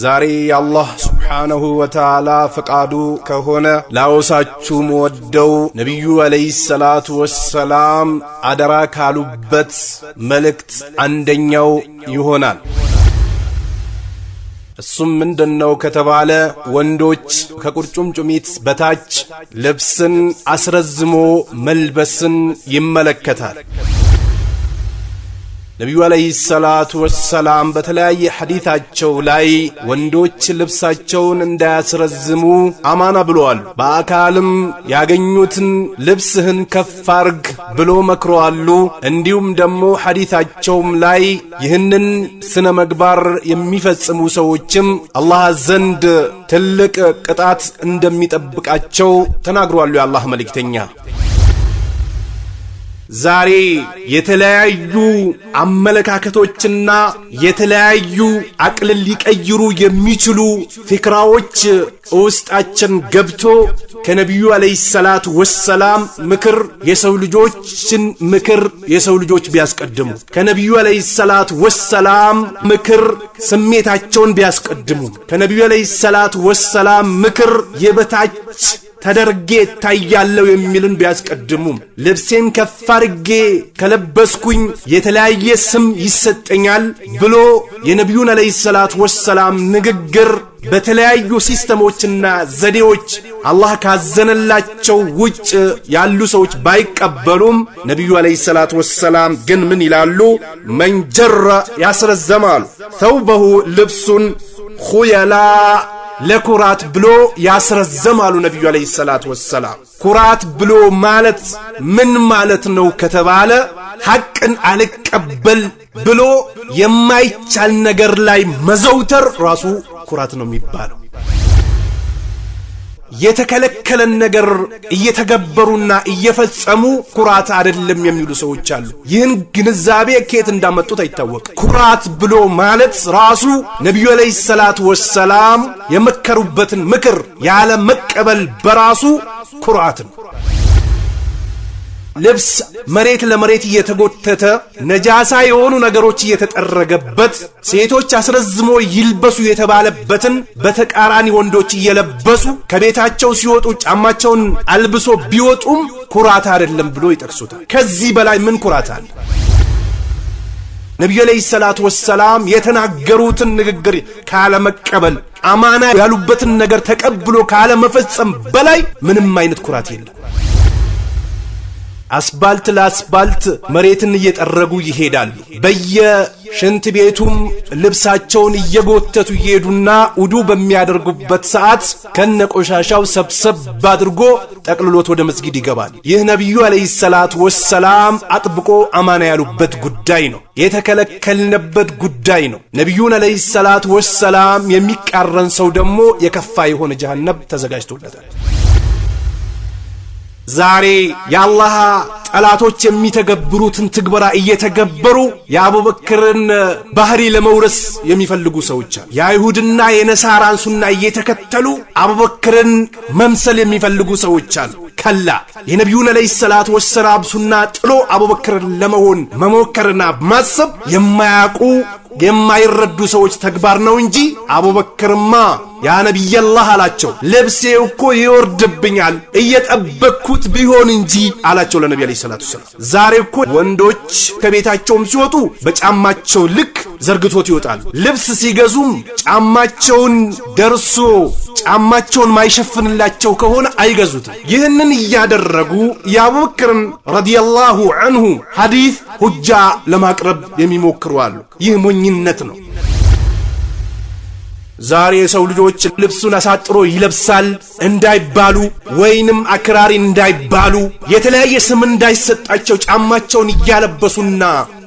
ዛሬ የአላህ ስብሓነሁ ወተዓላ ፈቃዱ ከሆነ ላወሳችሁ መወደው ነቢዩ ዓለይሂ ሰላቱ ወሰላም አደራ ካሉበት መልእክት አንደኛው ይሆናል። እሱም ምንድነው ከተባለ ወንዶች ከቁርጭምጭሚት በታች ልብስን አስረዝሞ መልበስን ይመለከታል። ነቢዩ ዓለይሂ ሰላቱ ወሰላም በተለያየ ሐዲታቸው ላይ ወንዶች ልብሳቸውን እንዳያስረዝሙ አማና ብለዋል። በአካልም ያገኙትን ልብስህን ከፍ አርግ ብሎ መክረዋሉ። እንዲሁም ደግሞ ሐዲታቸውም ላይ ይህንን ስነ መግባር የሚፈጽሙ ሰዎችም አላህ ዘንድ ትልቅ ቅጣት እንደሚጠብቃቸው ተናግሯሉ። የአላህ መልእክተኛ ዛሬ የተለያዩ አመለካከቶችና የተለያዩ አቅልን ሊቀይሩ የሚችሉ ፊክራዎች ውስጣችን ገብቶ ከነቢዩ አለይ ሰላት ወሰላም ምክር የሰው ልጆችን ምክር የሰው ልጆች ቢያስቀድሙ ከነቢዩ አለይ ሰላት ወሰላም ምክር ስሜታቸውን ቢያስቀድሙ ከነቢዩ አለይ ሰላት ወሰላም ምክር የበታች ተደርጌ እታያለሁ የሚልን ቢያስቀድሙም ልብሴን ከፍ አድርጌ ከለበስኩኝ የተለያየ ስም ይሰጠኛል ብሎ የነቢዩን ዓለይሂ ሰላት ወሰላም ንግግር በተለያዩ ሲስተሞችና ዘዴዎች አላህ ካዘነላቸው ውጭ ያሉ ሰዎች ባይቀበሉም ነቢዩ ዓለይሂ ሰላት ወሰላም ግን ምን ይላሉ? መንጀረ ያስረዘማሉ ተውበሁ ልብሱን ሁየላ ለኩራት ብሎ ያስረዘማሉ ነቢዩ አለይሂ ሰላቱ ወሰላም። ኩራት ብሎ ማለት ምን ማለት ነው ከተባለ ሐቅን አልቀበል ብሎ የማይቻል ነገር ላይ መዘውተር ራሱ ኩራት ነው የሚባለው። የተከለከለን ነገር እየተገበሩና እየፈጸሙ ኩራት አይደለም የሚሉ ሰዎች አሉ። ይህን ግንዛቤ ከየት እንዳመጡት አይታወቅም። ኩራት ብሎ ማለት ራሱ ነቢዩ ዓለይሂ ሰላቱ ወሰላም የመከሩበትን ምክር ያለ መቀበል በራሱ ኩራት ነው። ልብስ መሬት ለመሬት እየተጎተተ ነጃሳ የሆኑ ነገሮች እየተጠረገበት ሴቶች አስረዝሞ ይልበሱ የተባለበትን በተቃራኒ ወንዶች እየለበሱ ከቤታቸው ሲወጡ ጫማቸውን አልብሶ ቢወጡም ኩራት አይደለም ብሎ ይጠቅሱታል። ከዚህ በላይ ምን ኩራት አለ? ነቢዩ ዓለይሂ ሰላቱ ወሰላም የተናገሩትን ንግግር ካለመቀበል አማና ያሉበትን ነገር ተቀብሎ ካለመፈጸም በላይ ምንም አይነት ኩራት የለም። አስባልት ለአስባልት መሬትን እየጠረጉ ይሄዳሉ። በየሽንት ቤቱም ልብሳቸውን እየጎተቱ እየሄዱና ውዱ በሚያደርጉበት ሰዓት ከነቆሻሻው ሰብሰብ አድርጎ ጠቅልሎት ወደ መስጊድ ይገባል። ይህ ነቢዩ ዓለይሂ ሰላቱ ወሰላም አጥብቆ አማና ያሉበት ጉዳይ ነው። የተከለከልንበት ጉዳይ ነው። ነቢዩን ዓለይሂ ሰላቱ ወሰላም የሚቃረን ሰው ደግሞ የከፋ የሆነ ጀሃነብ ተዘጋጅቶለታል። ዛሬ የአላህ ጠላቶች የሚተገብሩትን ትግበራ እየተገበሩ የአቡበክርን ባህሪ ለመውረስ የሚፈልጉ ሰዎች አሉ። የአይሁድና የነሳራን ሱና እየተከተሉ አቡበክርን መምሰል የሚፈልጉ ሰዎች አሉ። ከላ የነቢዩን ዓለይሂ ሰላት ወሰላም ሱና ጥሎ አቡበክርን ለመሆን መሞከርና ማሰብ የማያውቁ የማይረዱ ሰዎች ተግባር ነው እንጂ አቡበክርማ ያ ነቢየላህ አላቸው ልብሴ እኮ ይወርድብኛል እየጠበቅኩት ቢሆን እንጂ አላቸው ለነቢ ዓለይሂ ሰላቱ ሰላም። ዛሬ እኮ ወንዶች ከቤታቸውም ሲወጡ በጫማቸው ልክ ዘርግቶት ይወጣሉ። ልብስ ሲገዙም ጫማቸውን ደርሶ ጫማቸውን ማይሸፍንላቸው ከሆነ አይገዙትም። ይህንን እያደረጉ የአቡበክርን ረዲየላሁ አንሁ ሐዲስ ሁጃ ለማቅረብ የሚሞክሩ አሉ። ይህ ሞኝነት ነው። ዛሬ የሰው ልጆች ልብሱን አሳጥሮ ይለብሳል እንዳይባሉ ወይንም አክራሪ እንዳይባሉ የተለያየ ስም እንዳይሰጣቸው ጫማቸውን እያለበሱና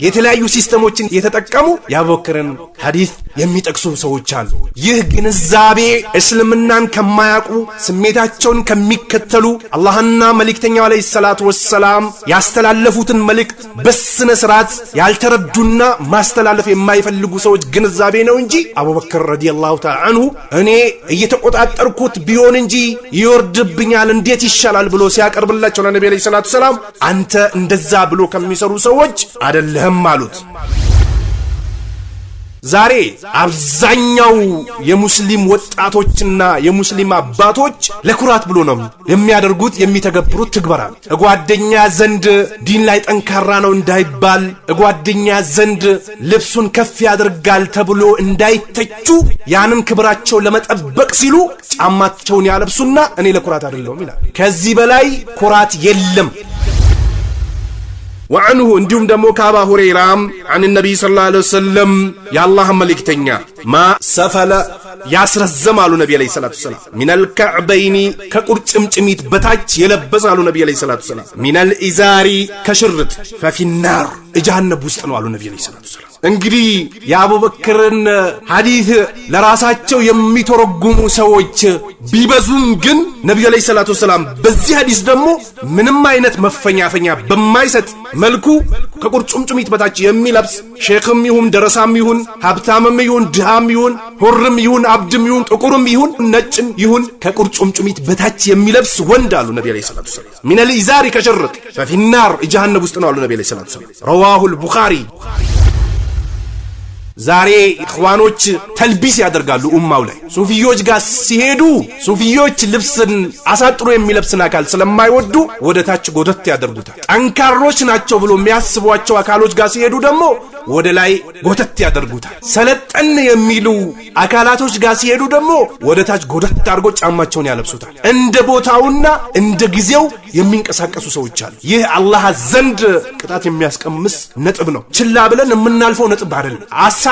የተለያዩ ሲስተሞችን እየተጠቀሙ ያቦክርን ሐዲስ የሚጠቅሱ ሰዎች አሉ። ይህ ግንዛቤ እስልምናን ከማያውቁ ስሜታቸውን ከሚከተሉ አላህና መልእክተኛው ዓለይሂ ሰላቱ ወሰላም ያስተላለፉትን መልእክት በስነ ስርዓት ያልተረዱና ማስተላለፍ የማይፈልጉ ሰዎች ግንዛቤ ነው እንጂ አቡበክር ረዲየላሁ ተዓላ አንሁ እኔ እየተቆጣጠርኩት ቢሆን እንጂ ይወርድብኛል፣ እንዴት ይሻላል ብሎ ሲያቀርብላቸው ለነቢ ዓለይሂ ሰላቱ ሰላም አንተ እንደዛ ብሎ ከሚሰሩ ሰዎች አይደለም አሉት። ዛሬ አብዛኛው የሙስሊም ወጣቶችና የሙስሊም አባቶች ለኩራት ብሎ ነው የሚያደርጉት የሚተገብሩት ትግበራ። እጓደኛ ዘንድ ዲን ላይ ጠንካራ ነው እንዳይባል፣ እጓደኛ ዘንድ ልብሱን ከፍ ያደርጋል ተብሎ እንዳይተቹ፣ ያንን ክብራቸው ለመጠበቅ ሲሉ ጫማቸውን ያለብሱና እኔ ለኩራት አይደለሁም ይላል። ከዚህ በላይ ኩራት የለም። ወዐንሁ እንዲሁም ደግሞ ከአባ ሁረይራም አን ነቢይ ሰለላሁ ዐለይሂ ወሰለም የአላህ መልእክተኛ ማ ሰፈለ ያስረዘም አሉ ነቢ ዐለይሂ ሰላቱ ወሰላም ሚነል ከዕበይኒ ከቁርጭምጭሚት በታች የለበሰ አሉ ነቢ ዐለይሂ ሰላቱ ወሰላም ሚነል ኢዛሪ ከሽርጥ ፈፊናር እጃነብ ውስጥ ነው አሉ ነቢ ዐለይሂ ሰላቱ ወሰላም እንግዲህ የአቡበክርን ሐዲት ለራሳቸው የሚተረጉሙ ሰዎች ቢበዙም ግን ነቢዩ ዓለይሂ ሰላቱ ወሰላም በዚህ ሐዲስ ደግሞ ምንም አይነት መፈኛፈኛ በማይሰጥ መልኩ ከቁርጭምጭሚት በታች የሚለብስ ሼክም ይሁን ደረሳም ይሁን ሀብታምም ይሁን ድሃም ይሁን ሁርም ይሁን አብድም ይሁን ጥቁርም ይሁን ነጭም ይሁን ከቁርጭምጭሚት በታች የሚለብስ ወንድ አሉ ነቢ ዓለይሂ ሰላቱ ወሰላም ሚነል ኢዛሪ ከሸርጥ ፈፊናር ውስጥ ነው አሉ ነቢ ዓለይሂ ሰላቱ ወሰላም ረዋሁል ቡኻሪ ዛሬ ኢኽዋኖች ተልቢስ ያደርጋሉ ኡማው ላይ ሱፊዮች ጋር ሲሄዱ ሱፊዮች ልብስን አሳጥሮ የሚለብስን አካል ስለማይወዱ ወደ ታች ጎተት ያደርጉታል። ጠንካሮች ናቸው ብሎ የሚያስቧቸው አካሎች ጋር ሲሄዱ ደግሞ ወደ ላይ ጎተት ያደርጉታል። ሰለጠን የሚሉ አካላቶች ጋር ሲሄዱ ደግሞ ወደ ታች ጎተት አድርጎ ጫማቸውን ያለብሱታል። እንደ ቦታውና እንደ ጊዜው የሚንቀሳቀሱ ሰዎች አሉ። ይህ አላህ ዘንድ ቅጣት የሚያስቀምስ ነጥብ ነው። ችላ ብለን የምናልፈው ነጥብ አይደለም።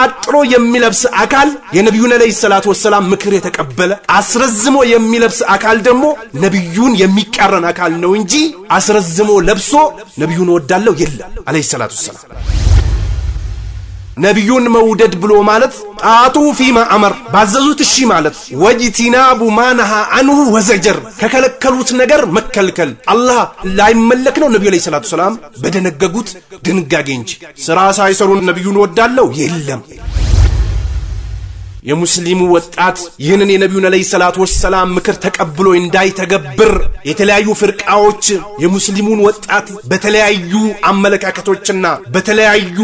አሳጥሮ የሚለብስ አካል የነቢዩን ዐለይሂ ሰላት ወሰላም ምክር የተቀበለ አስረዝሞ የሚለብስ አካል ደግሞ ነቢዩን የሚቃረን አካል ነው እንጂ አስረዝሞ ለብሶ ነቢዩን ወዳለው የለም ዐለይሂ ሰላት ወሰላም ነቢዩን መውደድ ብሎ ማለት ጣቱ ፊማ አመር ባዘዙት እሺ ማለት ወጅቲናቡ ማነሃ አንሁ ወዘጀር ከከለከሉት ነገር መከልከል አላህ ላይመለክ ነው ነቢዩ ዐለይሂ ሰላቱ ሰላም በደነገጉት ድንጋጌ እንጂ ስራ ሳይሰሩ ነቢዩን ወዳለው የለም። የሙስሊሙ ወጣት ይህንን የነቢዩን ዓለይሂ ሰላቱ ወሰላም ምክር ተቀብሎ እንዳይተገብር የተለያዩ ፍርቃዎች የሙስሊሙን ወጣት በተለያዩ አመለካከቶችና በተለያዩ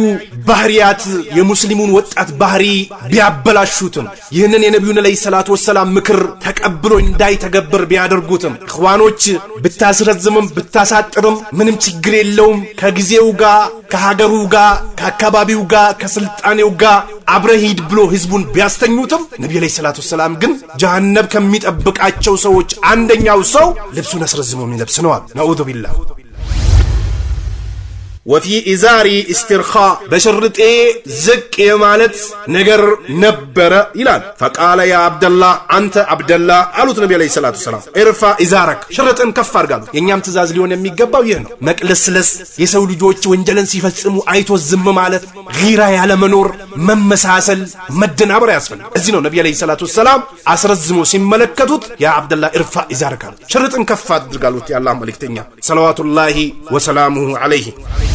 ባህሪያት የሙስሊሙን ወጣት ባህሪ ቢያበላሹትም ይህንን የነቢዩን ዓለይሂ ሰላቱ ወሰላም ምክር ተቀብሎ እንዳይተገብር ቢያደርጉትም እኽዋኖች ብታስረዝምም ብታሳጥርም ምንም ችግር የለውም። ከጊዜው ጋር ከሀገሩ ጋር ከአካባቢው ጋር ከስልጣኔው ጋር አብረሂድ ብሎ ህዝቡን ቢያስተኙትም ነቢዩ ዓለይሂ ሰላቱ ሰላም ግን ጀሃነብ ከሚጠብቃቸው ሰዎች አንደኛው ሰው ልብሱን አስረዝሞ የሚለብስ ነዋል። ነዑዙ ቢላህ ወፊ ኢዛሪ እስትርኻ በሽርጤ ዝቅ የማለት ነገር ነበረ ይላል። ፈቃለ ያ አብደላ አንተ አብደላ አሉት ነቢ ዐለይሂ ሰላቱ ሰላም እርፋ ኢዛረክ ሽርጥን ከፍ አድርግ አሉት። የእኛም ትእዛዝ ሊሆን የሚገባው ይህ ነው። መቅለስለስ፣ የሰው ልጆች ወንጀልን ሲፈጽሙ አይቶ ዝም ማለት፣ ጊራ መኖር መመሳሰል፣ መደናበር ያስፈልግ። እዚህ ነው ነቢ ዐለይሂ ሰላቱ ሰላም አስረዝሞ ሲመለከቱት ያ አብደላ እርፋ ኢዛረክ አሉት። ሽርጥን ከፍ አድርጋሉት አሉት። የአላህ መልእክተኛ ሰለዋቱላሂ ወሰላሙሁ ዐለይሂ